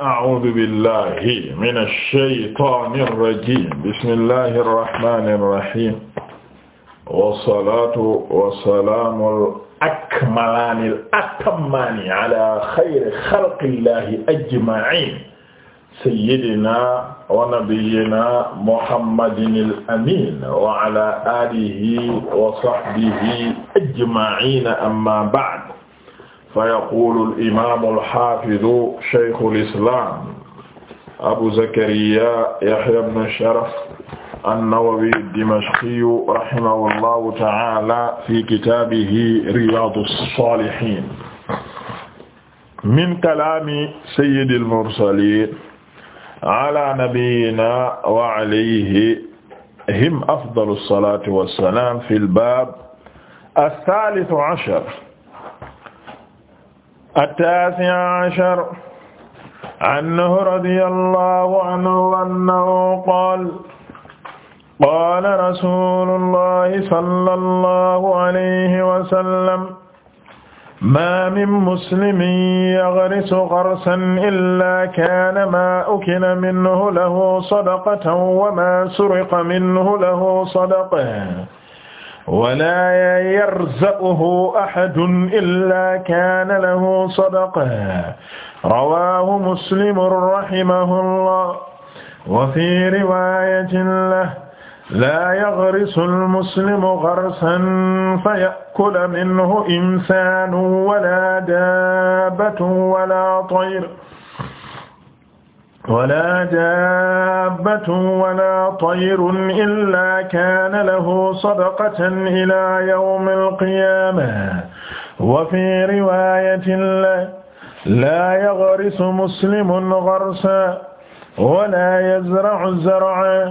a'uudu billahi mina shaytaani rajiim bismillahi rahmaani rahiim wasalaatu wasalaamu al-akmalaani al-atammaani ala xayri xalqillahi ajma'iin sayyidinaa wa nabiyyinaa muhammadin al-amiin wa ala aalihi wa sahbihi ajma'iin amma ba'd fa yaqulu al-imaam al-haafiz shaykhul islaam abu zakariya yahya ibn sharaf an-nawawi ad-dimashqi rahimahullahu ta'aala fi kitaabihi riyaadu s-saalihiin min kalaami sayyidil mursaliin alaa nabiyyinaa wa alayhim afdalu s-salaatu wa s-salaam fil baab as-saalis ashar التاسع عشر عنه رضي الله عنه أنه قال قال رسول الله صلى الله عليه وسلم ما من مسلم يغرس غرسا إلا كان ما أكل منه له صدقة وما سرق منه له صدقة wala yarzuquhu ahadun illaa kaana lahu sadaqa rawaahu muslimun rahimahullah wa fii riwaayatin lahu laa yagrisu al-muslimu gharsan faya'kula minhu insaanun wala daabbatun wala tayrun wala dabbatun wala tayrun illa kaana lahu sadaqatan ila yawmil qiyaamah wa fii riwaayatin laa yaghrisu muslimun gharsan wala yazra'u zar'an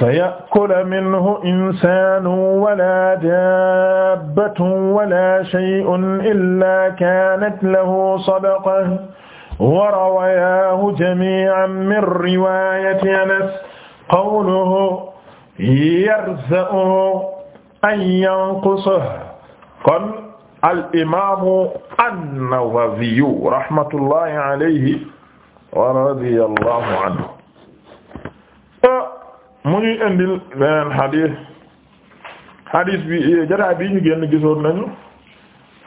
faya'kula minhu insaanun wala dabbatun wala shay'un illa kaanat lahu sadaqatan wa rawayaahu jamii'an min riwaayati Anas qawluhu yarza'uhu an yanqusahu kon al imaamu an-Nawawi rahmatullahi alayhi wa radiyallahu anhu mu ñuy indil beneen xadis xadis bi eh, jotaay bi ñu génn gisoon nañu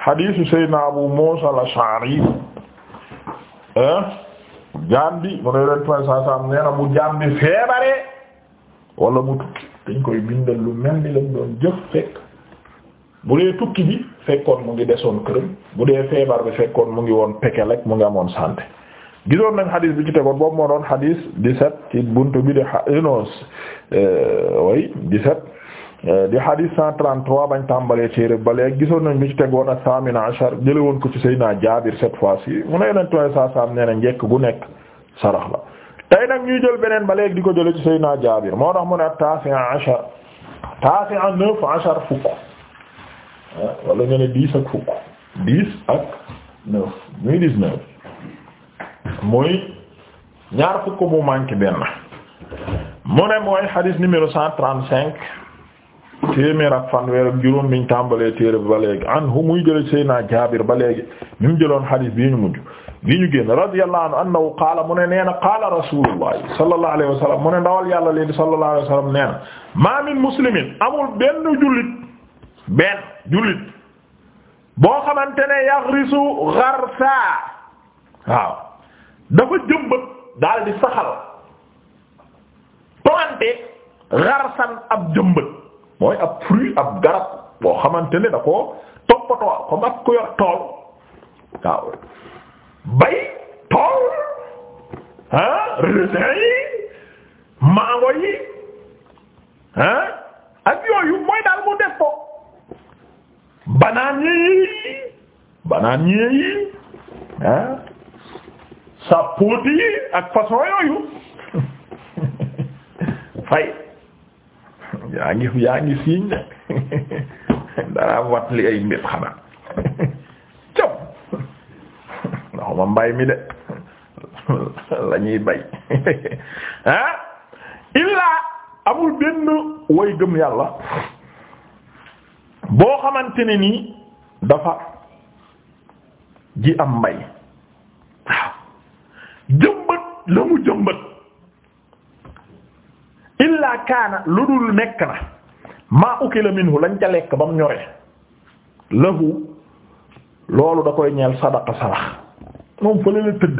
xadisu Seydina Abu Muusa al-Ash'ari jaam bi mu ne leen trois cent cent nee na bu jaam bi feebaree wala mu tukki dañ koy bindal lu mel ni lañ doon jëf fekk bu dee tukki bi fekkoon mu ngi desoon këram bu dee feebar bi fekkoon mu ngi woon pekel ak mu ngi amoon santé gisoon nañ xadis bi ci tegoon boobu moo doon di set ci buntu bi de xa eh, non way euh, 17. Eh, di hadith 133 bañ tambalee téere ba léegi gisoon nañ lu ci tegoon ak samina ashar jële woon ko ci Seydina Jaabir cette fois-ci mu ne yonent way saa saam nee na njekk gu nekk sarax la tey nag ñuy jël beneen ba léegi di ko jële ci naa Jaabir moo tax mu ne taasi ashar taasi neuf ashar fukk eh, wala nga ne dix ak fukk dix ak neuf muy dix muy ñaar fukk mu manqué benn mu ne mooy hadith numéro 135 téeméer ak fanweer ak juróom biñ tàmbalee téere bi ba léegi anhu muy jële Seydina Jaabir ba léegi mi mu jëloon xadiis bii ñu mujj li ñu génn radiyallahu anhu annahu qaala mu ne nee ndawal yàlla léegi sallallahu alayhi wa sallam min muslimin amul benn jullit benn jullit boo xamante ne yaghrisu dafa jëmbat daal di saxal planté gharsan ab jëmbat mooy ab fruit ab garab boo xamante ne da ko toppatoo comme ak ku yor tool waaw bay tool ah raisin yi mango yi ah ak yooyu mooy daal mu def banaan yi banaan yi ah sapoti yi ak façon yooyu fay yaa ngi yaa ngi siiñ ne dara wat ay mbir xanaa cam ndax mbay mi de lañuy bay ah illaa amul benn way gëm yàlla boo xamante ne nii dafa ji am mbay waaw la mu jëmbat illaa kaana lu dul nekk na maa ukila minhu lañ ca lekk ba mu ñoree lahu loolu da koy ñeel sadaqa sarax moom fële la tëdd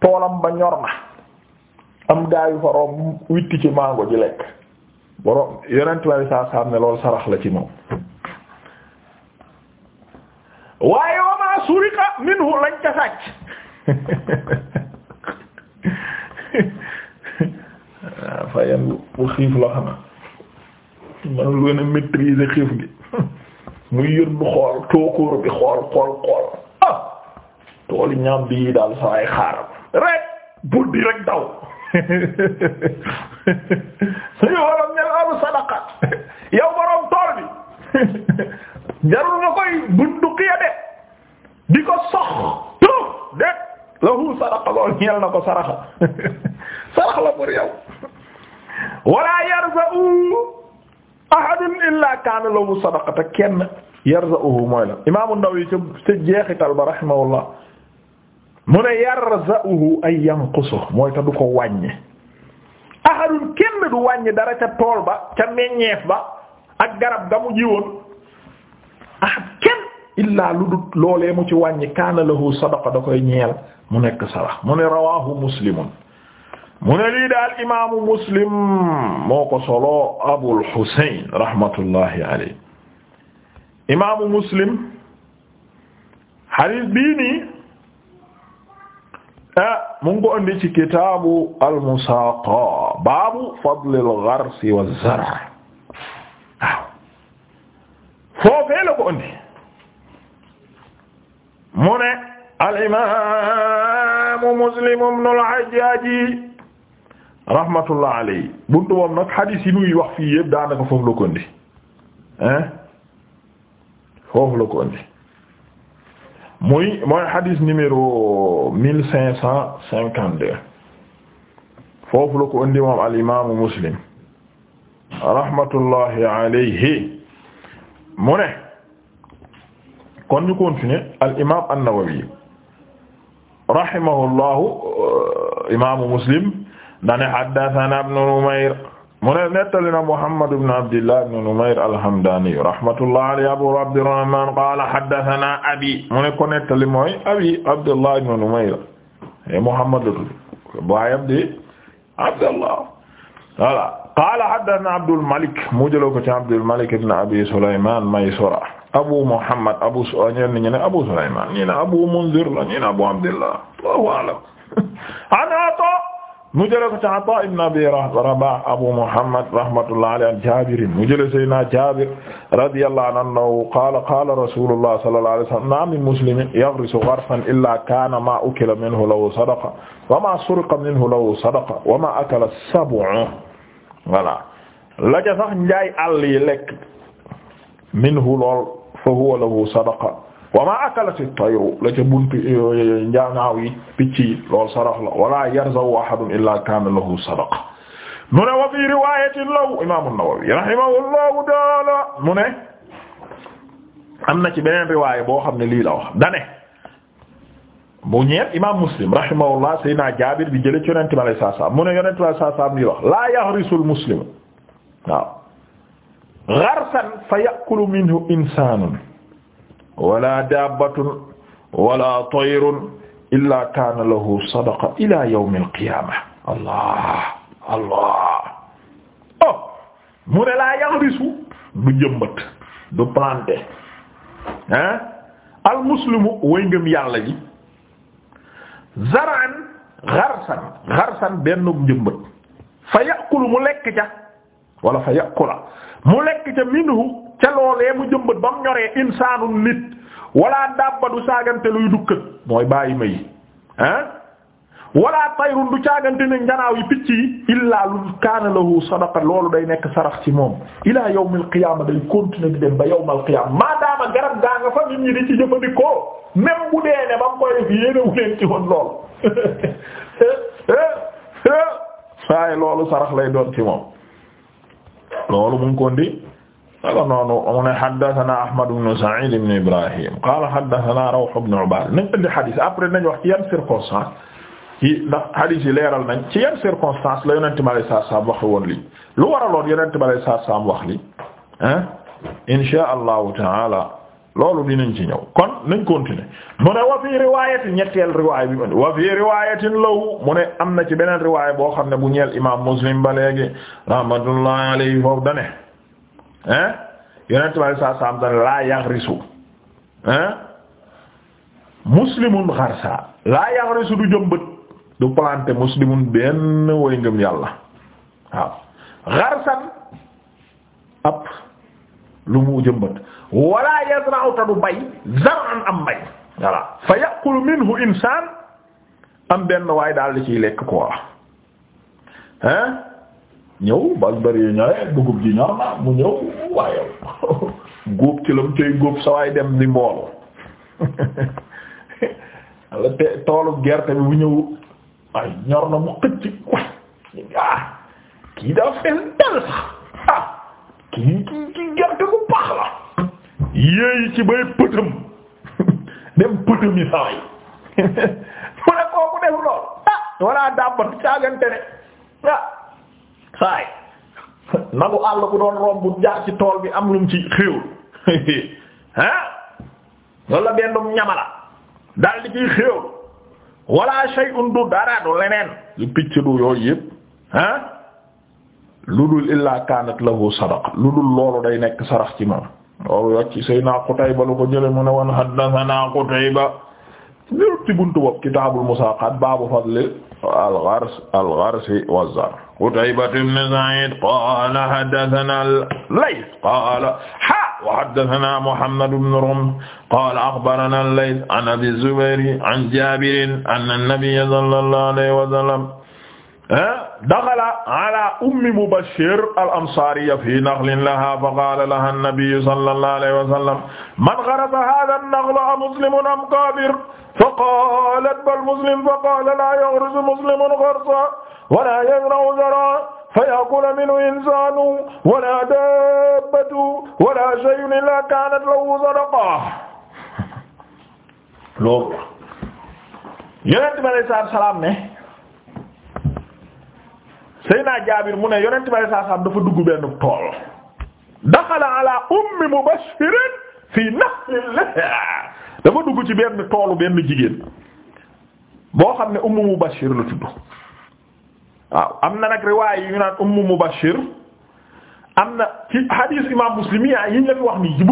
toolam ba ñor na am gaayu fa romb witti ci mango ji lekk borom yonent la saa saa ne loolu sarax la ci moom waaye wa maa suriqa minhu lañ ca sàcc waaw fayen bu xiif la xanaa man lu gën a xiif gi muy yër xool tookóor bi xool xool xool ah tooli ñaam bi yi daal sawaay xaaram rek buddi rek daw suñu waram ñel alu sadaka yow borom tool bi jarul nga koy bunduqiya de di ko sox tu de lahu sadaka lool ñeel na ko saraxa sarax la pour yow wala yarza'u ahadun illa kaana lahu sadaqata kenn yarza'uhu mooy la imaamu Nawawi ca ca jeexital ba rahimahullah mu ne yarza'uhu ay yanqusu mooy ta du ko wàññi ahadun kenn du wàññi dara ca tool ba ca meññeef ba ak garab ga mu jiwoon ahad kenn illaa lu dut loolee mu ci wàññi kaana lahu sadaqa da koy ñeel mu nekk sarax mu ne rawaahu muslimun mu ne lii daal imaamu muslim moo ko solo Abul Husayn rahmatullahi alayhi imaamu muslim hadith bii nii ah mu ngi ko andi ci kitaabu al-musaaqa baabu fadlil gharsi wa zar' waaw foofee la ko andi mu ne al imaamu muslim ibnul Hajjaaj rahmatullah alayhi buntu moom nag xadiis yi muy wax fii yëpp daanaka foofu la ko hein foofu la ko muy mooy xadiis numéro cinq cent cinquante deux foofu la ko moom al imaamu muslim rahmatullahi alayhi mu ne kon ñu continuer al imaam an-Nawawi rahimahullahu euh, imaamu muslim dane haddathana ibn Numayr mu ne nettali na Muhammad ibn Abdillah ibn Numayr al-Hamdani rahmatullah alayhi Abu Abdurrahman qala haddathana abi mu ne ko nettali mooy abi Abdullah ibn Numayr e Muhammad baayam di Abdullah voilà qaala haddathana Abdul Malik mu jëloo ko ci Abdul Malik ibn Abi Sulaymaan Maysara Abu Muhammad Abu ah, ñenn ñi ne Abu Sulaymaan ñi ne Abu Munzir la ñi ne Abu Abdillah Allahu a'lam mu jële ko ci Ataa ibn Abi Rabaah Abu Muhammad rahmatullahi alayhi an Jaabir mu jële Seydina Jaabir radiyallahu anhu qaala qaala Rasuulullah sallallahu alayhi wa sallam ma min muslimin yaghrisu gharsan illaa kaana maa ukila minhu lahu sadaqa wa maa suriqa minhu lahu sadaqa wa maa akala sab'u voilà la ca sax njaay àll yi lekk minhu lool fa huwa lahu sadaqa wa ma akalati tayru la ca buntu eh, njaanaaw yi picc yi loolu sarax la wala yarzaw ahadun illa kana lahu sadaqa mu ne wa fi riwayatin lahu imam an-Nawawi rahimahullahu taala mu ne am na ci beneen riwaaya boo xam ne lii la wax dane bu ñeel imam Muslim rahimahullah sayyidina Jaabir bi jële ci yonente bi alayhi salaam mu ne yonente bi alayhi salaam lii wax la yahrisul muslimu waaw gharsan fa ya'kulu minhu insanun wala dabbatun wala tayrun illa kaana lahu sadaqa ila yawm al-qiyaama allah allah oh mu ne laa yaxrisu du jëmbat du planter ah almuslimu way ngëm yàlla ji zaraan xarsan xarsan benn jëmbat fa yaqulu mu lekk ca wala fa yaqula mu lekk ca minhu ca loolee mu jëmbat ba mu ñoree insaanu nit wala dabba du saagante luy dukkat mooy bàyyi ma yi ah wala tayrun du caagante ne njanaaw yi picc yi illaa lu kaana lahu sadaqa loolu day nekk sarax ci moom ilaa yawmil qiyaama day continuer di dem ba yawmal qiyaama maadaama garab gaa nga fa nit ñi di ci jëfandikoo bu dee ne ba mu koy yéenewu leen ci woon lool waaye loolu sarax lay doon ci moom loolu mu ngi ko naka noonu mu ne haddathana Ahmad ibn Sa'id ibn Ibrahim qala haddathana Rawh ibn Ubad nañ indi hadith après nañ wax ci yan circonstance ci ndax hadith yi leeral nañ ci yan circonstance la Yonent bi sallallahu alayhi wasallam wax woon lii lu waraloon Yonent bi sallallahu alayhi wasallam wax lii ah insha Allahu ta'ala loolu dinañ ci ñëw kon nañ continuer mu ne wa fii riwayati ñetteel riwaay bi mu wa fii riwayatin lahu mu ne am na ci beneen riwaay boo xam ne bu ñeel imam Muslim ba léegi rahmatullahi alayhi foofu dane ah yonent bi saa saam dana laa yaxrisu ah muslimun xarsa laa yaxrisu du jëmbët du planter muslimun benn way ngëm yàlla waaw xarsan ab lu mu jëmbët wala yazra'u ta du bay zar'an am bay voilà fa yaqulu minhu insaan am benn waay daal di ciy lekk quoi ah. ñëw bal bëri ñore dugub ji ñor na mu ñëw waaye góob ci la mu cay góob sawaay dem di mboolu toolu gerte bi bu ñëw ay ñor na mu xëcc ah kii daa feel dal ah kii kii gerte bu baax la yéeyi ci bay pëtëm dem pëtëm yi sawaay mu ne kooku def lool ah walla dàmbat caagante ne ah saay nagu àll bu doon romb jaar ci tool bi am lum ci xéew ah wala benn ñamala daal di ciy xéew wala shay'un du dara leneen lu picc du yooyu yëpp ah lu dul illaa kaanat lahu sadaqa lu dul loolu day nekk sarax ci moom loolu rek ci Seydina Qutayba lu ko jële mu ne woon haddathana Qutayba ñëw ci buntu bopp kitaabul musaaqaat baabu fadli al-ghars al-ghars wa Qutaybatu bnu Sa'iid qaala haddasanaa al-Layth qaala ha wa haddasanaa Muhammadu bnu Rumh qaala axbaranaa al-Layth an Abii Zubayr an Jaabir anna nabiyya sallallaahu alayhi wa sallam daxala ala ummi Mubashir al-Ansaariya fi naxlin lahaa fa qaala lahaa an-nabiyyu sallallahu alayhi wa sallam man gharasa haadha an-naxla amuslimun am kaafir fa qaalat bal muslim fa qaala laa yaghrisu muslimun gharsan wa laa yazra'u zar'an fa ya'kulu minhu insaanun wa laa daabbatun wa laa shay'un illaa kaanat lahu sadaqatan Seyna Jaabir mu ne yonent bi saa saam dafa dugg benn tool daxala ala ummi mubashirin fii naxlillah dafa dugg ci benn toolu benn jigéen boo xam ne ummu mubashir la tudd waaw am na nag riwaay yu naan ummu mubashir am na ci hadith imam Muslim yi yiñ la fi wax nii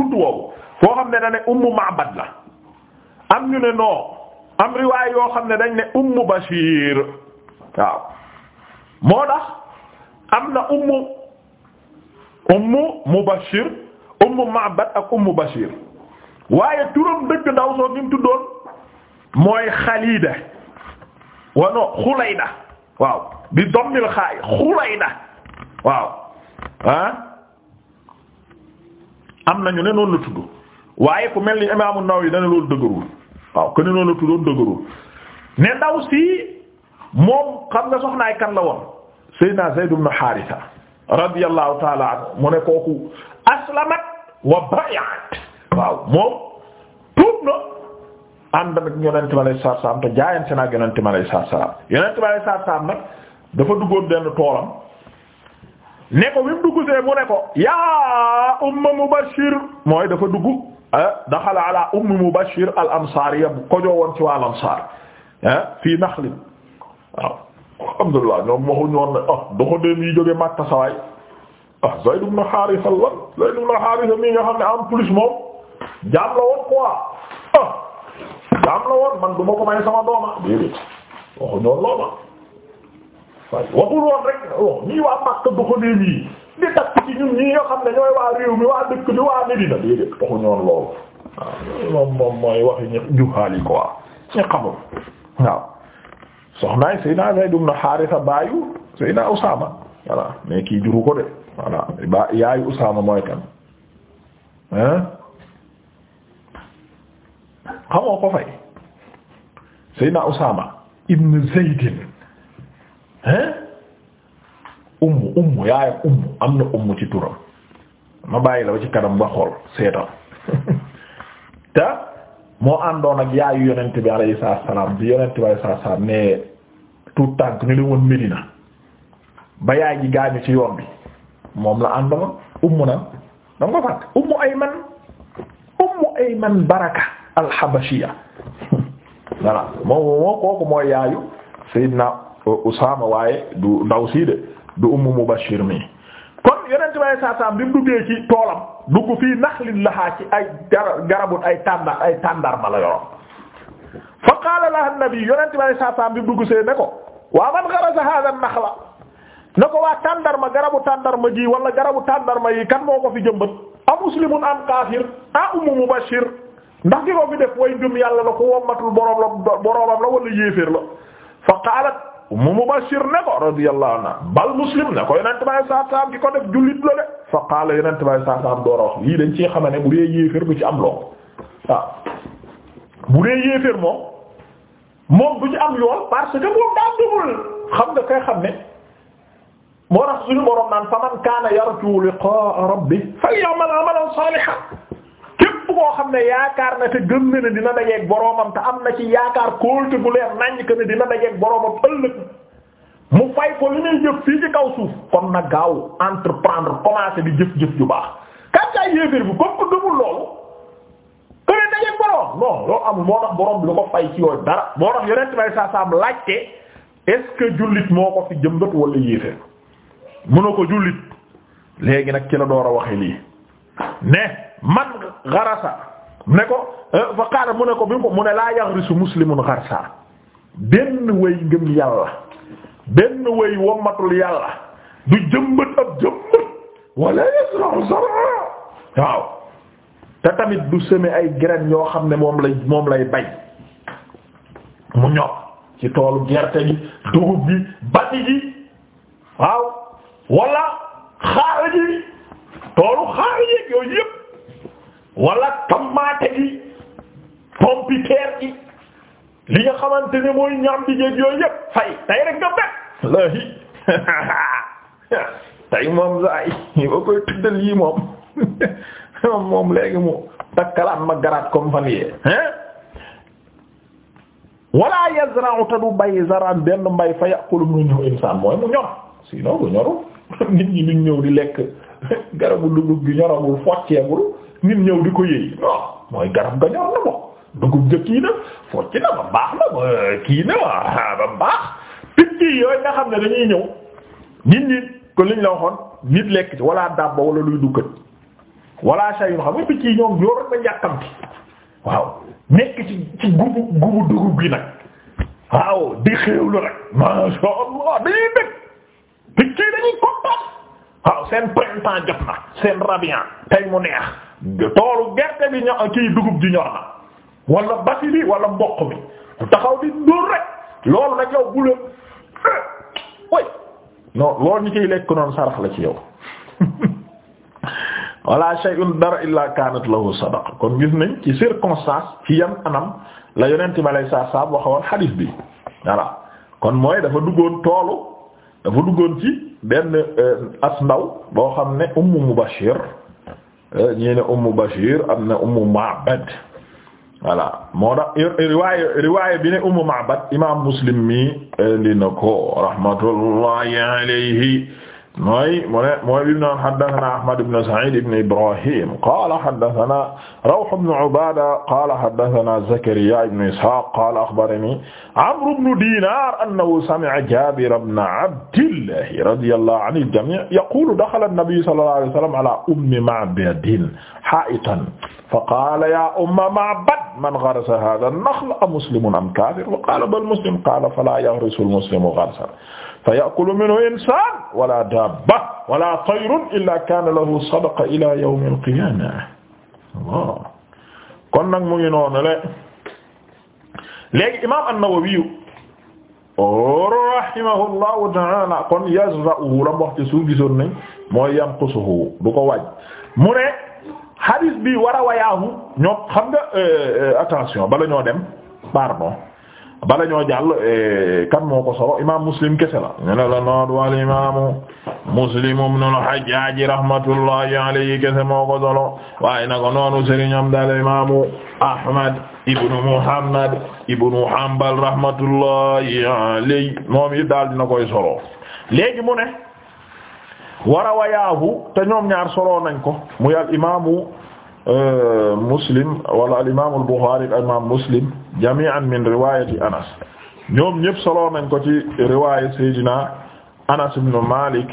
ne ne ummu ma'bad am ñu ne non am riwaay yoo xam ne dañ ne ummu bashir waaw. moo tax am na ummu ummu Mubashir ummu Ma'bad ak ummu Bashir waaye turam dëgg ndaw soo ni mu tuddoon mooy Xalida wano Xulayda waaw bi dommil xaay Xulayda waaw ah am nañu ne noonu la tudd waaye ku mel ni Imaamu yi dana loolu dëgërul waaw ku ne la tuddoon dëgërul ne ndaw si moom xam nga soxnaay kan la woon Seydina Zayd ibn Haarisa radiyallahu ta'ala anhu mu ne kooku aslamat wa bay'at waaw moom tuub na ànd nag yonente mi alayhi salaatu salaam te jaayante naag yonente mi alayhi salaatu salaam yonente mi alayhi salaatu salaam nag dafa duggoon benn toolam ne ko bi mu see mu ne ko yaa umma Mubashir mooy dafa dugg ah, daxala ala ummi Mubashir al-Ansaariya bu ko ci waa al-Ansaar ah Naxlin waaw alhamdulilah ñoom waxuñu woon ne ah doxandéem yi jóge Makka sawaay ah Zayd ibn Haarisa lan Zayd xam ne en plus moom jaam la woon yi ah, ah. ah. di xam ne ñooy waa réew mi waa dëkk bi waa Medina déedéet waxuñu woon waaw moom moom mooy waxi ñu juhaali quoi ci xamul waaw. soxnaay Seydina Zayd ibn Haarisa baayu Seydina Usaama voilà mais kii juru ko de voilà ba yaayu Usaama mooy kan hein ko fay Seydina Usaama ibn Zaydin hein ummu ummu yaayam ummu am na ummu ci turam ma bàyyi la ba ci kanam ba xool seetal te moo àndoon ak yaayu yonent bi alayhi salaam bi yonent bi alayhi salaam ne tout tànk ñu ne woon Medina ba yaay ji gaañu ci yoon bi moom la àndaloon ummu na da nga ko fàtt ummu Ayman ummu Ayman Baraka al-Habashiyya moom moo kooku mooy yaayu Seydina euh, Usaama waaye du ndaw sii de du ummu Mubashir mi kon yonent bi saa bi mu duggee ci toolam dugg fii naxlin lahaa ci ay garabu ay tàndar ay tàndar ma la yoroon fa qaala laha an yonent bi saa bi mu dugg see ne ko. waa man xarasa hada naxla na ko waa tàndarma garabu tàndarma ji wala garabu tàndarma yi kan moo ko fi jëmbat a muslimun am kaafir a ummu mubashir ndax ki ko fi def way njum yàlla la ko wommatul boroom la boroomam la wala yéeféer la fa qaalat ummu mubashir ne ko radiyallahu anha bal muslim ne ko yonent bay saasaam ki ko def jullit la de fa qaala yonent bay saasaam door a wax lii dañ ci xamane ne dee yéeféer bu ci am loo waaw bu moom du ci am yoon parce que moom daa dugul xam nga koy xam ne moo tax suñu borom naan faman kaana yarju liqaa rabbi falyamal amalan saalihan képp koo xam ne yaakaar na te gëm na ne dina dajeeg boromam te am na ci yaakaar kóolte bu leer naññ que ne dina dajeeg boromam ëllëg mu fay ko li muy jëf fii ci kaw suuf kon na gaaw entreprendre commencer di jëf-jëf ju baax kat kaay yéeféer bi comme ko gëmul loolu que ne dajeeg borom non amul moo tax borom bi lu ko fay ci yooyu dara moo tax yonent bay saa saam laajte est jullit moo ko fi jëmbat wala yéefee mën na ko jullit léegi nag ci la door a waxe lii ne man garasa ne ko euh, fa qaala mu ne ko bi mu ko mu ne laa yaghrisu muslimun gharsa benn way ngëm yàlla benn way wommatul yàlla du jëmbat ab jëmbat wala yasra'u zar'a waaw te tamit du semer ay graines yoo xam ne moom lay moom lay bay mu ñor ci toolu gerte gi dugub bi bati gi waaw wala xaar gi toolu xaar yeeg yooyu tomate gi pompiteer gi li nga xamante ne mooy ñam bi jeeg yooyu yëpp fay tay rek nga bet laahi tay moom saay ba koy tuddal yi moom moom léegi mu takkalaat ma garaat comme fan yee hein walla yazra'u te du bay zaraan benn mbay fa yàqulu mu ñëw insaan mooy mu ñor sinon bu ñoru nit ñi di lekk garabu dugub gi ñoragul focceegul nit garab ga ñor na ko dugub ga kii na focc na ñi ko liñ la waxoon nit lekk ci walla dàbba wala luy dukkat wala shayun xam nga picc yi ñoom yoo rek la njàkkamti waaw nekk ci ci gubu gubu dugub bi nag waaw di xéewlu rek masha Allah dañuy bëgg picc yi dañuy kontaan waaw seen printemps jot na seen rabian tey mu neex toolu gerte bi ño- ci dugub ji ñor walla wala li wala mboq mi taxaw di dóor rek loolu nag yow bu la way eh, non loolu ñu ciy lekk noonu sarax la ci yow wala shay'un dara illa kanat lahu sadaqa kon gis nañ ci circonstance ci yan anam la yonent ma lay saa saab waxoon xadiis bi voilà kon mooy dafa duggoon toolu dafa duggoon ci benn euh, as ndaw boo xam ne ummu mubashir euh, ñii ne ummu bashir am na ummu ma'bad voilà moo tax riwaaya riwaaya bi ne ummu ma'bad imaam muslim mi li na ko rahmatullahi alayhi mooy mu ne mooy bi mu naan haddathana Ahmad ibn Sa'id ibn Ibrahim qaala haddathana Rawh ibn Ubada qaala haddathana Zakariya ibn Ishaq qaala akhbarani Amr ibn Dinar annahu sami'a Jabir ibn Abdillah radiyallahu anil jami' yaqulu dakhala an-nabiy sallallahu alayhi wa sallam ala ummi Ma'badin ha'itan faqala ya umma Ma'bad man gharasa hadha nakhla a muslimun am kafir wa qala bal muslim qala fala yaghrisu al muslimu gharsan fa ya'kulu minhu insan wala dabba wala tayrun illa kana lahu sadaqa ila yawm al qiyamah Allah kon nag mu ngi noonu le léegi imam an-Nawawi rahimahullahu ta'ala kon yazra'uhu la wax ci suuf gisoon nañ mooy yamqusuhu du ko waaj mu ne xadis bi war a wayaahu ñoom xam nga euh, euh, attention bala ñoo dem pardon bala ñoo jàll euh, kan moo ko solo imaam muslim kese la ñu ne la noot wal imaamu muslim ibn al-hajjaj rahmatullahi alayhi kese moo ko solo waaye na ko noonu sëriñam daal imaamu ahmad ibnu muhammad ibnu hanbal rahmatullahi alayhi moom it daal dina koy solo léegi mu ne warawayaahu te ñoom ñaar soloo nañ ko muy al imaamu euh, muslim wala al imaamu al buxaari al imaamu muslim jami'an min riwaayati anas ñoom ñëpp soloo nañ ko ci riwaaya seydina anas ibn malik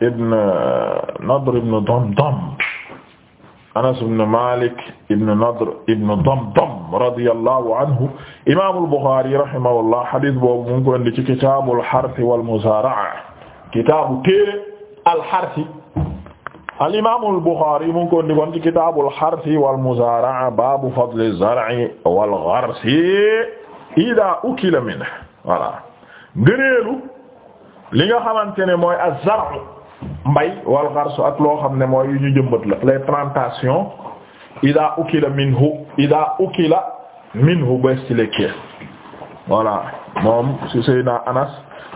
ibn euh, nadr ibn damdam anas ibn malik ibn nadr ibn damdam radiyallahu anhu imaamu al buxaari rahimahullah hadith boobu mu ngi ko indi ci kitaabul harth wal muzaara'a kitaabu téere alxarsi al imaamu al Buxaari mu ngi ko ndigoon ci kitaabul xarsi wal muzaara'a baabu fadli zar'i wal gharsi idaa ukila minhu voilà ngëneelu li nga xamante ne mooy az-zar'u mbay wal gharsu ak loo xam ne mooy yu ñu jëmbat la les plantations idaa ukila minhu idaa ukila minhu bés ci lekkee voilà moom si Seydina Anas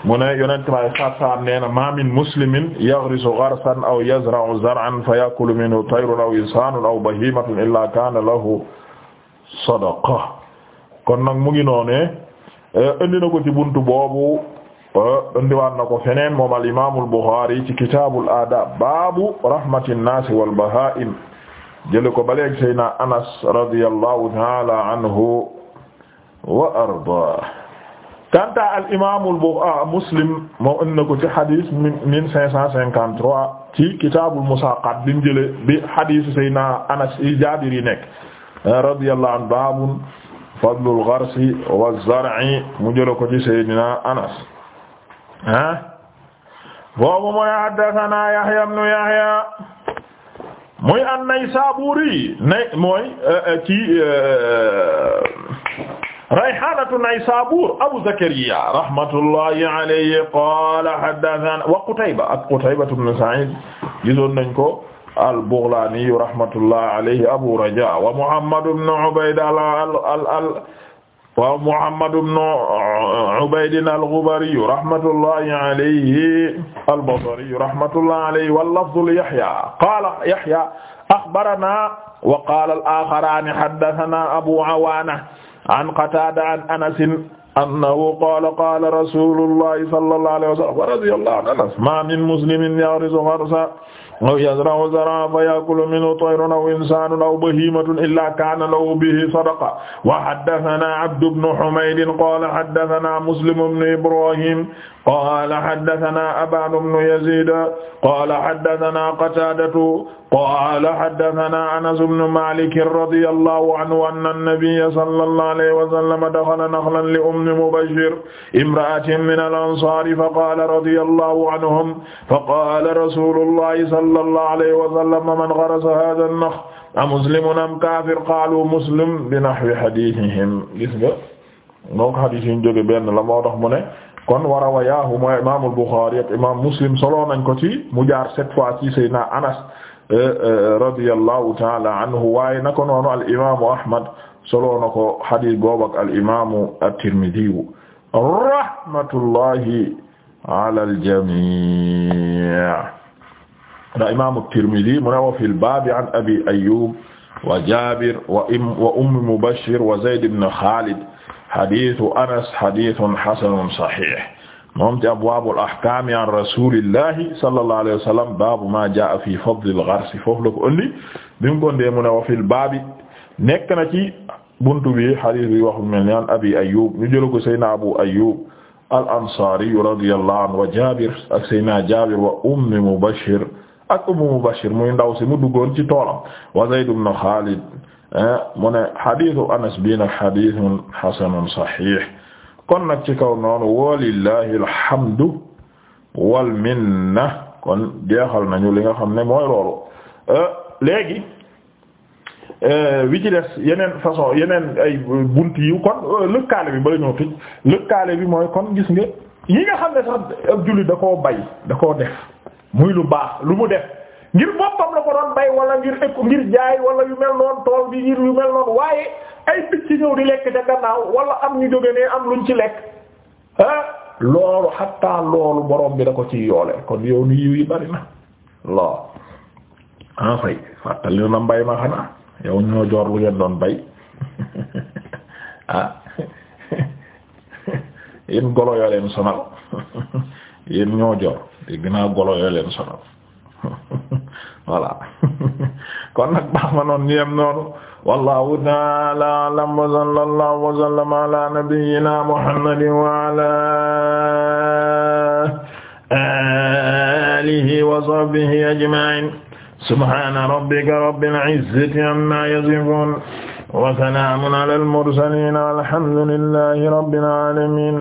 mu ne yonent may sarsam nee na ma min muslimin yaghrisu gharsan aw yazra'u zar'an fa yakulu minhu tayrun aw insanun aw bahimatun illa kana lahu sadaqa kon nag mu ngi noonee eh, indi na ko ci buntu boobu eh, indiwaat na ko feneen moom al imam al Bukhari ci kitaabul adab baabu wal bahaim jële ko ba léegi Seydina Anas ta'ala anhu wa arda kanta al imaamul bu ah, muslim moo indi na ko ci hadis mille cinq cent cinquante trois ci kitaabul musaaqat bi mu jëlee bi hadisu Seydina Anas yi Jaabir yi nekk radiyallahu anhu baabun fadlul gharsi wa zar'i mu jëlee ko ci Seydina Anas ah boobu mooy haddasanaa Yahya ibnu Yahya muy an-Naysaabuuri nay mooy eh, eh, ci eh, rayhanatu naysabur abu zakariya rahmatullahi alayhi qala hadathana wa qutayba ak qutayba ibn sa'id gisoon nañ ko al-Baghlani rahmatullahi alayhi abu raja wa muhammad ibn ubayd al wa Muhammad ibn Ubayd al-Ghubari rahmatullahi alayhi al-Basri rahmatullahi alayhi wal-lafzu li Yahya qaala Yahya akhbarana wa qaala al-akharani haddathana Abu Awaana an Qataada an Anas annahu qaala qaala rasuulullahi sallallahu alayhi wa sallam wa radiyallahu an Anas ma min muslimin ya'rizu gharsa aw yazra'u zar'an fa ya'kulu minhu tayrun aw insanun aw bahimatun illa kana lahu bihi sadaqa wa haddathana Abdu ibn Humayd qala haddathana Muslim ibn Ibrahim qala haddathana Aban ibn Yazid qala haddathana Qatadatu qala haddathana Anas ibn Malik radiyallahu anhu anna an-nabiyya sallallahu alayhi wa sallam dakhala nakhlan li Ummi Mubashshir imra'atin min al-ansar fa qala radiyallahu anhum fa qala rasulullah sallallahu alayhi wa sallam man gharasa hadha an-nakh a muslimun am kafir qaalu muslim bi nahwi hadithihim gis nga donc hadith yi ñu jóge benn la moo tax mu ne kon wa rawayaahu mooy imam al-Bukhari ak imam Muslim solo nañ ko ci mu jaar cette fois ci Seydina Anas eh, eh, radiyallahu ta'ala anhu waaye nako noonu al-imamu Ahmad solo na ko hadith boobu ak al-imamu at-Tirmidhi rahmatullahi ala al-jami' da imam at-Tirmidhi mu ne wa fil baabi an abi Ayyub wa Jaabir wa ummi Mubashshir wa Zayd ibn Khalid hadiisu Anas hadiisun hasanun sahiih moom ci abwaabul ahkaam an rasuulillahi sallallahu alayhi wa sallam baabu maa jaa'a fii fadlil gharsi foofu la ko ëndi bi mu gondee mu ne wa fil baabi nekk na ci buntu bi hadiis bi wax mel ni an abi Ayyub ñu jël ko Seydina Abu Ayyub al-Ansaari radiyallahu anhu wa Jaabir ak Seydina Jaabir wa ummi Mubashshir ak Ummu Mubashir muy ndaw si mu duggoon ci toolam wa Zayd ibn Khalid ah, mu ne xadiisu Anas bii nag xadiisun xasanun saxiix kon nag ci kaw noonu walillahi alhamdu wal minna kon jeexal nañu li nga xam ne mooy loolu ah, léegi ah, wi ci des yeneen façon yeneen ay bunt yi kon lëkkaale bi bala ñoo tëj lëkkaale bi mooy kon gis nga yi nga xam ne sax ab jullit da koo bay da koo def muy lu baax lu mu def ngir boppam la ko doon bay wala ngir ëpp ngir jaay wala yu mel noonu tool bi ngir yu mel noonu waaye ay picc ñëw di lekk ca gannaaw wala am ñu jóge ne am luñ ci lekk ah loolu xatta loolu borom bi da ko ci yoole kon yow ni yiw yi bari na lool en ah, fait fàttali mbay ma xanaa yow ñoo joor lu ngeen doon bay ah yéen golo yoo leen sonal yéen ñoo joor dégg naa golo yoo leen sonal voilà kon nag baax ma noonu ñu yem noonu wallahu ta'ala a'lam wa sallallahu wa sallama ala nabiyyina muhammadin wa ala alihi wa sahbihi ajma'in subhana rabbika rabbil izzati amma yasifun wa salamun ala al mursalin walhamdulillahi rabbil alamin